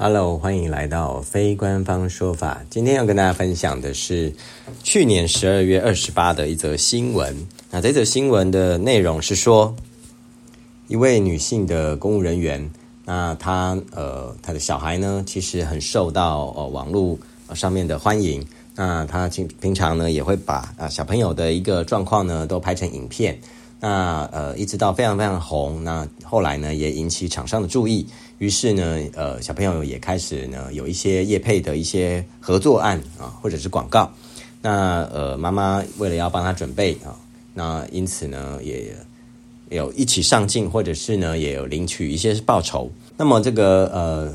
Hello，歡迎來到非官方說法。今天要跟大家分享的是去年十二月二十八的一則新聞。那這則新聞的內容是說，一位女性的公務人員，那她呃她的小孩呢，其實很受到、呃、網絡上面的歡迎。那她平平常呢也會把啊、呃、小朋友的一個狀況呢都拍成影片。那呃，一直到非常非常紅，那後來呢，也引起廠商的注意，於是呢，呃，小朋友也開始呢有一些業配的一些合作案啊，或者是廣告。那呃，媽媽為了要幫他準備啊，那因此呢，也有一起上鏡，或者是呢，也有領取一些報酬。那麼這個呃，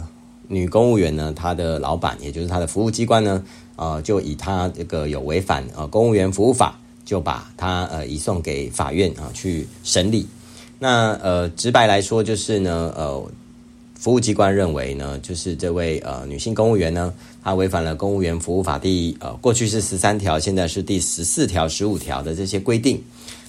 女公務員呢，她的老闆也就是她的服務機關呢，呃、啊，就以她這個有違反呃、啊，公務員服務法。就把他呃，移送給法院啊去審理。那呃，直白來說就是呢呃，服務機關認為呢，就是這位呃，女性公務員呢，她違反了公務員服務法第呃，過去是十三條，現在是第十四條、十五條的這些規定。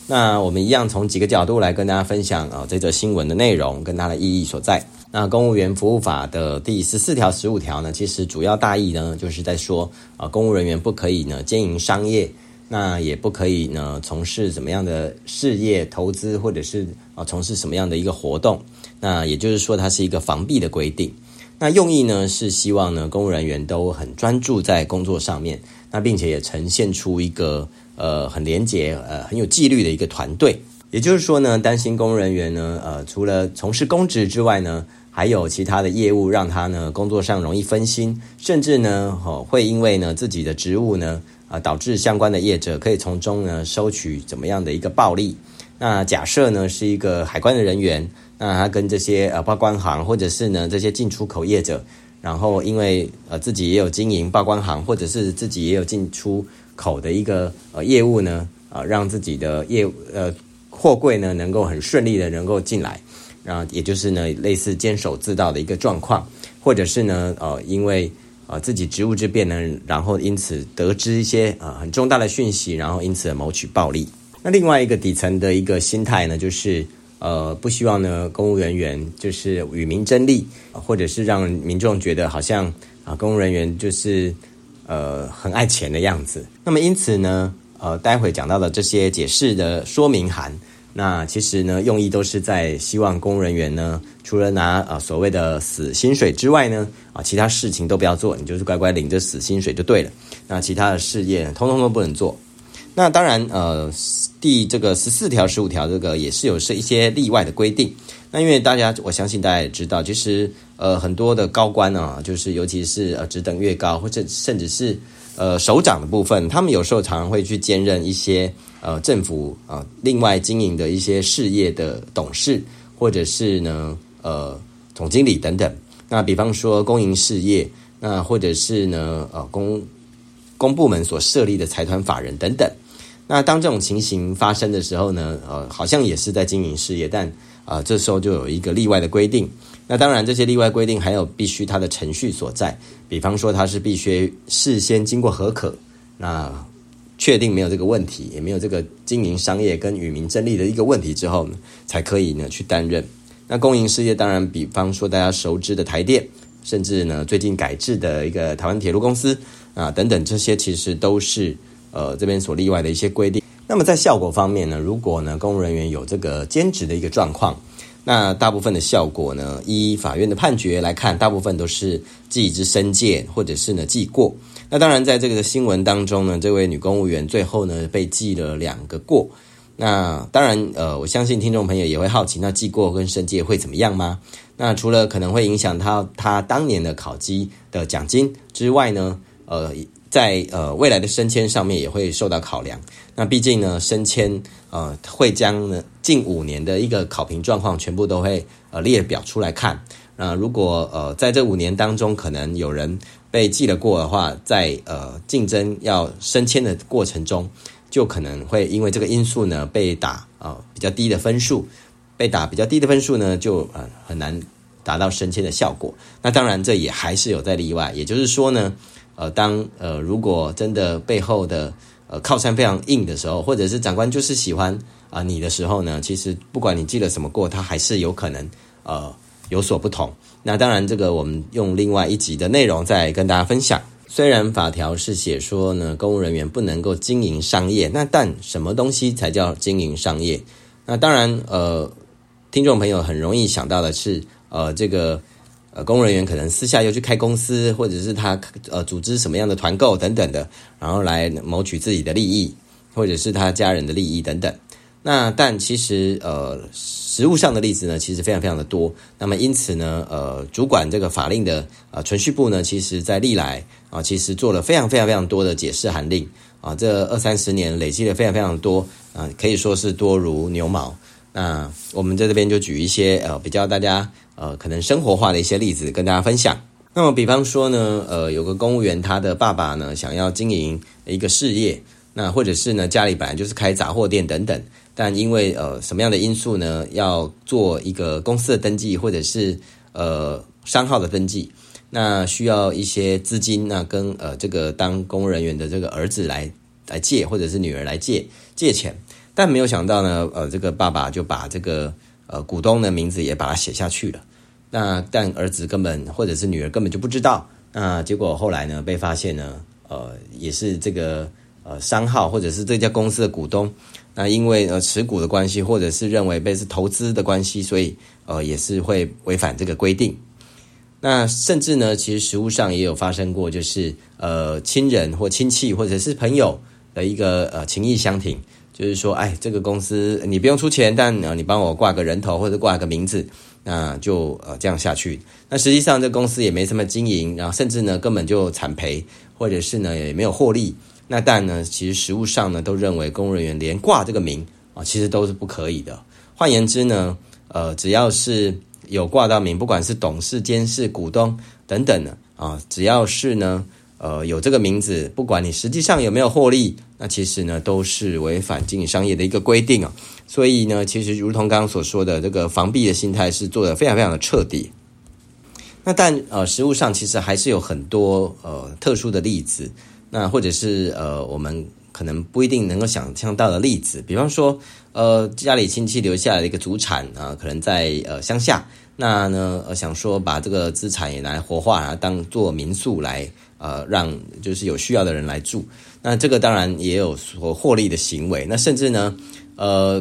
那我們一樣從幾個角度來跟大家分享啊、呃、這則新聞的內容跟它的意義所在。那公務員服務法的第十四條、十五條呢，其實主要大意呢就是在說啊、呃、公務人員不可以呢經營商業。那也不可以呢，從事怎麼樣的事業、投資，或者是啊、呃，從事什麼樣的一個活動？那也就是說，它是一個防弊的規定。那用意呢，是希望呢，公務人員都很專注在工作上面，那並且也呈現出一個呃很廉潔、呃、很、呃很有紀律的一個團隊。也就是說呢，擔心公務人員呢，呃，除了從事公職之外呢，還有其他的業務讓他呢工作上容易分心，甚至呢，哦、呃，會因為呢自己的職務呢。呃、導致相關的業者可以從中呢收取怎麼樣的一個暴利？那假設呢是一個海關的人員，那他跟這些呃報關行或者是呢這些進出口業者，然後因為呃自己也有經營報關行，或者是自己也有進出口的一個呃業務呢，呃，讓自己的業務呃貨櫃呢能夠很順利的能夠進來，然後也就是呢類似監守自盜的一個狀況，或者是呢呃因為。啊、呃，自己職務之便呢，然後因此得知一些啊、呃、很重大的訊息，然後因此而牟取暴利。那另外一個底層的一個心態呢，就是呃不希望呢公務人員就是與民爭利，呃，或者是讓民眾覺得好像啊、呃、公務人員就是呃很愛錢的樣子。那麼因此呢，呃待會講到的這些解釋的說明函。那其實呢，用意都是在希望公務人員呢，除了拿啊所謂的死薪水之外呢，啊其他事情都不要做，你就是乖乖領着死薪水就對了。那其他的事業通通都不能做。那當然，呃，第這個十四條、十五條這個也是有是一些例外的規定。那因為大家，我相信大家也知道，其實呃很多的高官呢、啊，就是尤其是呃職等越高，或者甚至是呃首長的部分，他們有時候常會去兼任一些。呃，政府啊、呃，另外經營的一些事業的董事，或者是呢，呃，總經理等等。那比方說公營事業，那或者是呢，呃，公公部門所設立的財團法人等等。那當這種情形發生的時候呢，呃，好像也是在經營事業，但啊、呃，這時候就有一個例外的規定。那當然，這些例外規定還有必須它的程序所在，比方說它是必須事先經過核可，那。確定沒有這個問題，也沒有這個經營商業跟與民爭利的一個問題之後呢，才可以呢去擔任。那公營事業當然，比方說大家熟知的台電，甚至呢最近改制的一個台灣鐵路公司啊等等，這些其實都是呃這邊所例外的一些規定。那麼在效果方面呢，如果呢公務人員有這個兼職的一個狀況，那大部分的效果呢，依法院的判決來看，大部分都是記一支申誡或者是呢記過。那當然，在這個新聞當中呢，這位女公務員最後呢被記了兩個過。那當然，呃，我相信聽眾朋友也會好奇，那記過跟升階會怎麼樣嗎？那除了可能會影響她她當年的考績的獎金之外呢，呃，在呃未來的升遷上面也會受到考量。那畢竟呢，升遷呃會將呢近五年的一個考評狀況全部都會呃列表出來看。那如果呃，在這五年當中，可能有人被記了過的話，在呃競爭要升遷的過程中，就可能會因為這個因素呢被打呃比較低的分數。被打比較低的分數呢，就、呃、很難達到升遷的效果。那當然，這也還是有在例外，也就是說呢，呃，當呃如果真的背後的呃靠山非常硬的時候，或者是長官就是喜歡啊、呃、你的時候呢，其實不管你記了什麼過，他還是有可能呃。有所不同。那當然，這個我們用另外一集的內容再跟大家分享。雖然法條是寫說呢，公務人員不能夠經營商業，那但什麼東西才叫經營商業？那當然，呃，聽眾朋友很容易想到的是，呃，這個呃，公務人員可能私下又去開公司，或者是他呃組織什麼樣的團購等等的，然後來謀取自己的利益，或者是他家人的利益等等。那但其實呃實務上的例子呢，其實非常非常的多。那麼因此呢，呃主管這個法令的呃銓敘部呢，其實在歷來啊、呃，其實做了非常非常非常多的解釋函令啊、呃，這二三十年累積了非常非常多，啊、呃、可以說是多如牛毛。那我們在這邊就舉一些呃比較大家呃可能生活化的一些例子跟大家分享。那麼比方說呢，呃有個公務員他的爸爸呢想要經營一個事業，那或者是呢家裡本來就是開雜貨店等等。但因為呃什麼樣的因素呢？要做一個公司的登記，或者是呃商號的登記，那需要一些資金，那跟呃這個當公務人員的這個兒子來來借，或者是女兒來借借錢。但沒有想到呢，呃這個爸爸就把這個呃股東的名字也把它寫下去了。那但兒子根本或者是女兒根本就不知道。那結果後來呢被發現呢，呃也是這個呃商號或者是這家公司的股東。那因為呃持股的關係，或者是認為被是投資的關係，所以呃也是會違反這個規定。那甚至呢，其實實務上也有發生過，就是呃親人或親戚或者是朋友的一個呃情誼相挺，就是說，哎，這個公司你不用出錢，但呃你幫我掛個人頭或者掛個名字，那就呃這樣下去。那實際上這公司也沒什麼經營，然後甚至呢根本就慘賠，或者是呢也沒有獲利。那但呢，其實實務上呢，都認為公務人員連掛這個名啊、哦，其實都是不可以的。換言之呢，呃，只要是有掛到名，不管是董事、監事、股東等等的啊、哦，只要是呢，呃，有這個名字，不管你實際上有沒有獲利，那其實呢，都是違反經營商業的一個規定啊、哦。所以呢，其實如同剛剛所說的，這個防弊的心態是做得非常非常的徹底。那但呃，實務上其實還是有很多呃特殊的例子。那或者是呃，我們可能不一定能夠想象到的例子，比方說呃，家裡親戚留下來的一個祖產啊、呃，可能在呃鄉下，那呢、呃、想說把這個資產也拿來活化，然後當做民宿來呃，讓就是有需要的人來住。那這個當然也有所獲利的行為。那甚至呢呃，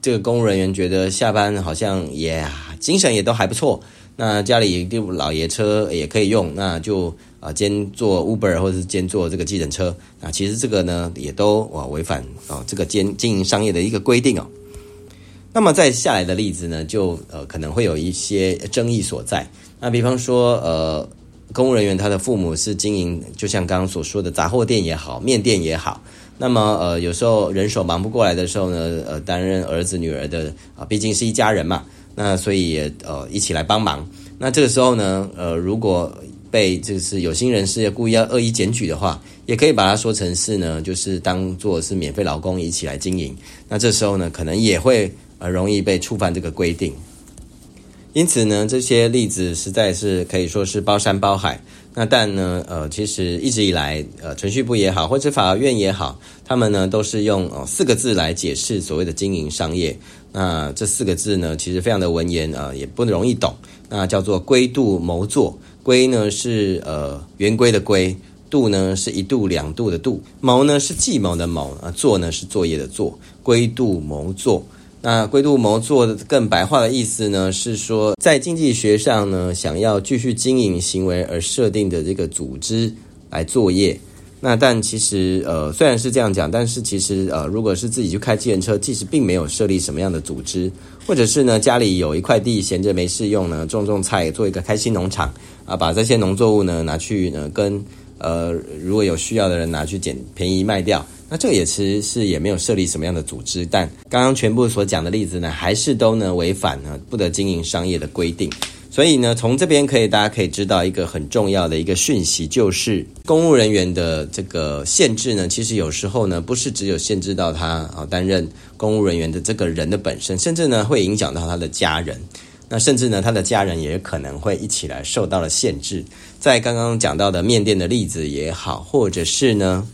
這個公務人員覺得下班好像也精神也都還不錯，那家裡就老爺車也可以用，那就。啊，兼做 Uber 或者是兼做這個計程車啊，其實這個呢也都哇違反哦、啊、這個兼經營商業的一個規定哦。那麼再下來的例子呢，就呃可能會有一些爭議所在。那比方說呃，公務人員他的父母是經營，就像剛剛所說的雜貨店也好，麵店也好，那麼呃有時候人手忙不過來的時候呢，呃擔任兒子女兒的啊、呃，畢竟是一家人嘛，那所以也呃一起來幫忙。那這個時候呢，呃如果被就是有心人士故意要惡意檢舉的話，也可以把它說成是呢，就是當做是免費勞工一起來經營。那這時候呢，可能也會呃容易被觸犯這個規定。因此呢，這些例子實在是可以說是包山包海。那但呢，呃，其實一直以來，呃，程序部也好，或者法院也好，他們呢都是用，呃，四個字來解釋所謂的經營商業。那這四個字呢，其實非常的文言啊，呃，也不容易懂。那叫做規度謀作。規呢是呃圓規的規，度呢是一度兩度的度，謀呢是計謀的謀啊，作呢是作業的作，規度謀作。那規度謀作的更白話的意思呢，是說在經濟學上呢，想要繼續經營行為而設定的這個組織來作業。那但其實呃雖然是這樣講，但是其實呃如果是自己去開計程車，即使並沒有設立什麼樣的組織，或者是呢家裡有一塊地閒着沒事用呢種種菜，做一個開心農場啊，把這些農作物呢拿去呢跟呃跟呃如果有需要的人拿去撿便宜賣掉，那這個也其實是也沒有設立什麼樣的組織，但剛剛全部所講的例子呢還是都能違反呢不得經營商業的規定。所以呢，從這邊可以，大家可以知道一個很重要的一個訊息，就是公務人員的這個限制呢，其實有時候呢，不是只有限制到他啊擔任公務人員的這個人的本身，甚至呢，會影響到他的家人，那甚至呢，他的家人也可能會一起來受到了限制。在剛剛講到的麵店的例子也好，或者是呢。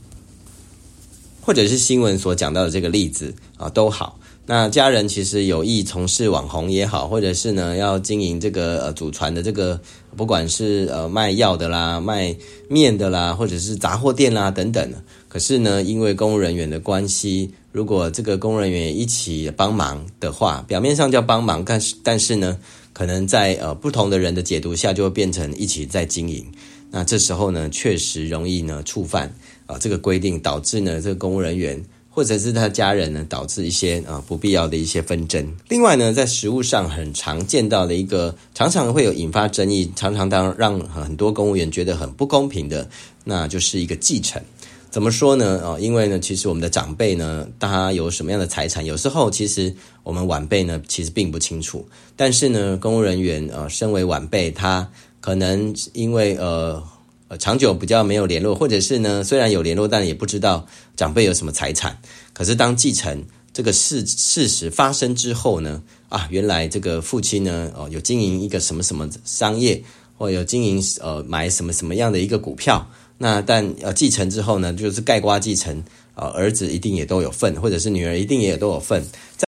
或者是新聞所講到的這個例子啊，都好。那家人其實有意從事網紅也好，或者是呢，要經營這個呃祖傳的這個，不管是呃賣藥的啦、賣麵的啦，或者是雜貨店啦等等。可是呢，因為公務人員的關係，如果這個公務人員一起幫忙的話，表面上叫幫忙，但是但是呢，可能在呃不同的人的解讀下，就會變成一起在經營。那這時候呢，確實容易呢觸犯。啊，這個規定導致呢，這個公務人員或者是他家人呢，導致一些啊不必要的一些紛爭。另外呢，在實務上很常見到的一個，常常會有引發爭議，常常當讓很多公務員覺得很不公平的，那就是一個繼承。怎麼說呢？啊，因為呢，其實我們的長輩呢，他有什麼樣的財產，有時候其實我們晚輩呢，其實並不清楚。但是呢，公務人員啊，身為晚輩，他可能因為呃。呃，長久比較沒有聯絡，或者是呢，雖然有聯絡，但也不知道長輩有什麼財產。可是當繼承這個事事實發生之後呢，啊，原來這個父親呢，哦、呃，有經營一個什麼什麼商業，或有經營呃買什麼什麼樣的一個股票。那但呃繼承之後呢，就是概括繼承啊、呃，兒子一定也都有份，或者是女兒一定也都有份。在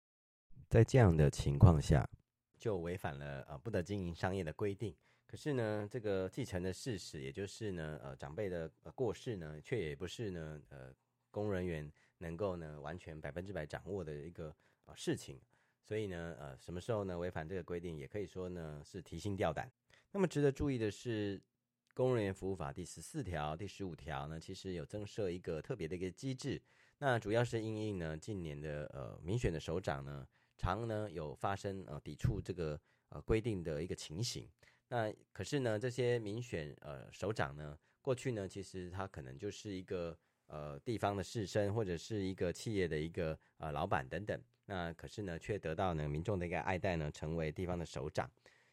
在這樣的情況下，就違反了呃、啊、不得經營商業的規定。可是呢，這個繼承的事實，也就是呢，呃，長輩的過世呢，卻也不是呢，呃，公務人員能夠呢完全百分之百掌握的一個呃事情。所以呢，呃，什麼時候呢違反這個規定，也可以說呢是提心吊膽。那麼值得注意的是，《公務人員服務法》第十四條、第十五條呢，其實有增設一個特別的一個機制。那主要是因應呢，近年的呃民選的首長呢，常呢有發生呃抵觸這個呃規定的一個情形。那可是呢，這些民選呃首長呢，過去呢其實他可能就是一個呃地方的士紳，或者是一個企業的一個呃老闆等等。那可是呢，卻得到呢民眾的一個愛戴呢，成為地方的首長，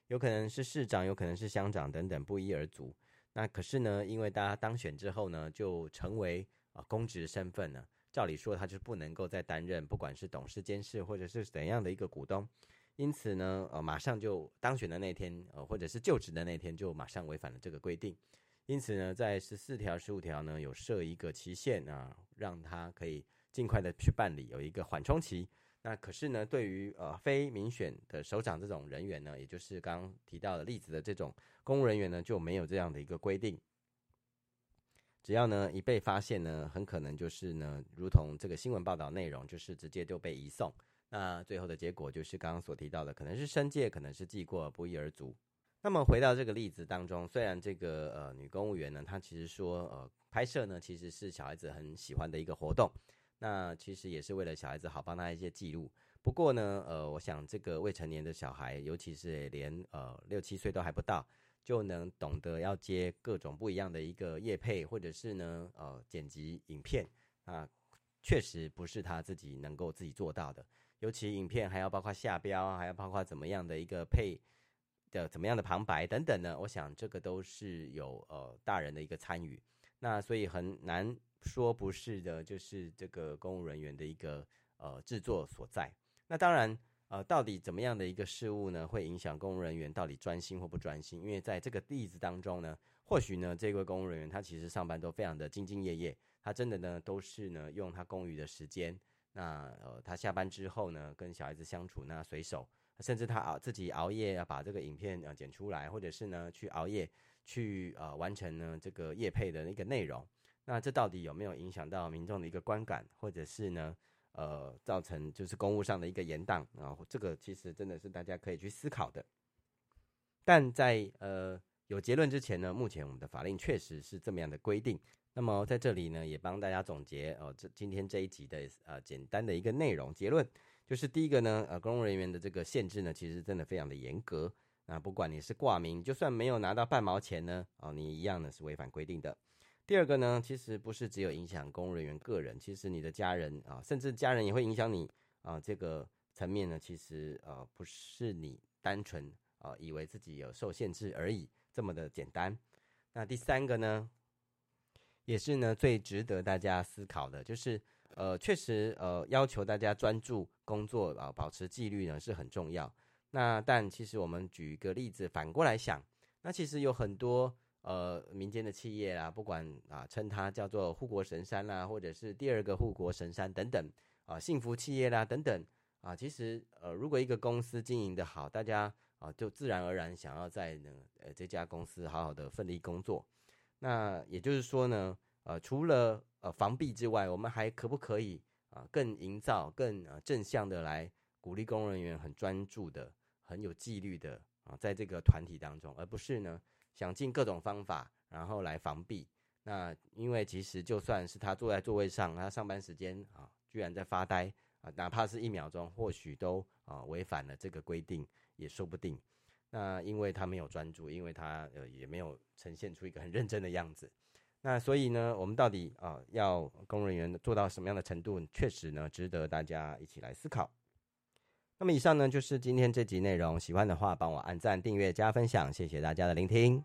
有可能是市長，有可能是鄉長等等，不一而足。那可是呢，因為大家當選之後呢，就成為啊呃公職身份呢，照理說他就不能夠再擔任，不管是董事、監事，或者是怎樣的一個股東。因此呢，呃，馬上就當選的那天，呃，或者是就職的那天，就馬上違反了這個規定。因此呢，在十四條、十五條呢，有設一個期限啊，呃，讓他可以儘快的去辦理，有一個緩衝期。那可是呢，對於呃非民選的首長這種人員呢，也就是剛剛提到的例子的這種公務人員呢，就沒有這樣的一個規定。只要呢一被發現呢，很可能就是呢，如同這個新聞報道內容，就是直接就被移送。那最後的結果就是剛剛所提到的，可能是申誡，可能是記過，不一而足。那麼回到這個例子當中，雖然這個呃女公務員呢，她其實說呃拍攝呢其實是小孩子很喜歡的一個活動，那其實也是為了小孩子好，幫他一些記錄。不過呢，呃，我想這個未成年的小孩，尤其是連呃六七歲都還不到，就能懂得要接各種不一樣的一個業配，或者是呢呃剪輯影片，那確實不是他自己能夠自己做到的。尤其影片還要包括下標，還要包括怎麼樣的一個配的怎麼樣的旁白等等呢，我想這個都是有呃大人的一個參與，那所以很難說不是的，就是這個公務人員的一個呃製作所在。那當然呃，到底怎麼樣的一個事物呢，會影響公務人員到底專心或不專心？因為在這個例子當中呢，或許呢這位公務人員他其實上班都非常的兢兢業業，他真的呢都是呢用他公餘的時間。那呃，他下班之後呢，跟小孩子相處，那隨手，甚至他啊，自己熬夜啊，把這個影片啊、呃、剪出來，或者是呢去熬夜去啊、呃，完成呢這個業配的一個內容。那這到底有沒有影響到民眾的一個觀感，或者是呢呃造成就是公務上的一個延宕？然、呃、後這個其實真的是大家可以去思考的。但在呃有結論之前呢，目前我們的法令確實是這麼樣的規定。那麼在這裡呢，也幫大家總結哦，這今天這一集的呃簡單的一個內容結論，就是第一個呢，呃，公務人員的這個限制呢，其實真的非常的嚴格。那不管你是掛名，就算沒有拿到半毛錢呢，哦，你一樣呢是違反規定的。第二個呢，其實不是只有影響公務人員個人，其實你的家人啊、哦，甚至家人也會影響你啊、哦。這個層面呢，其實呃、哦、不是你單純啊、哦、以為自己有受限制而已這麼的簡單。那第三個呢？也是呢，最值得大家思考的，就是呃，確實呃，要求大家專注工作啊、呃，保持紀律呢是很重要。那但其實我們舉一個例子，反過來想，那其實有很多呃民間的企業啦，不管啊、呃、稱它叫做護國神山啦，或者是第二個護國神山等等啊、呃，幸福企業啦等等啊、呃，其實呃，如果一個公司經營得好，大家啊、呃、就自然而然想要在呃這家公司好好的奮力工作。那也就是說呢，呃，除了呃防弊之外，我們還可不可以啊、呃、更營造更呃正向的來鼓勵公務人員很專注的、很有紀律的啊、呃，在這個團體當中，而不是呢想盡各種方法然後來防弊。那因為其實就算是他坐在座位上，他上班時間啊、呃、居然在發呆啊、呃，哪怕是一秒鐘，或許都啊違、呃、反了這個規定，也說不定。那因為他沒有專注，因為他呃也沒有呈現出一個很認真的樣子，那所以呢，我們到底啊、呃、要公務人員做到什麼樣的程度，確實呢值得大家一起來思考。那麼以上呢就是今天這集內容，喜歡的話幫我按讚、訂閱、加分享，謝謝大家的聆聽。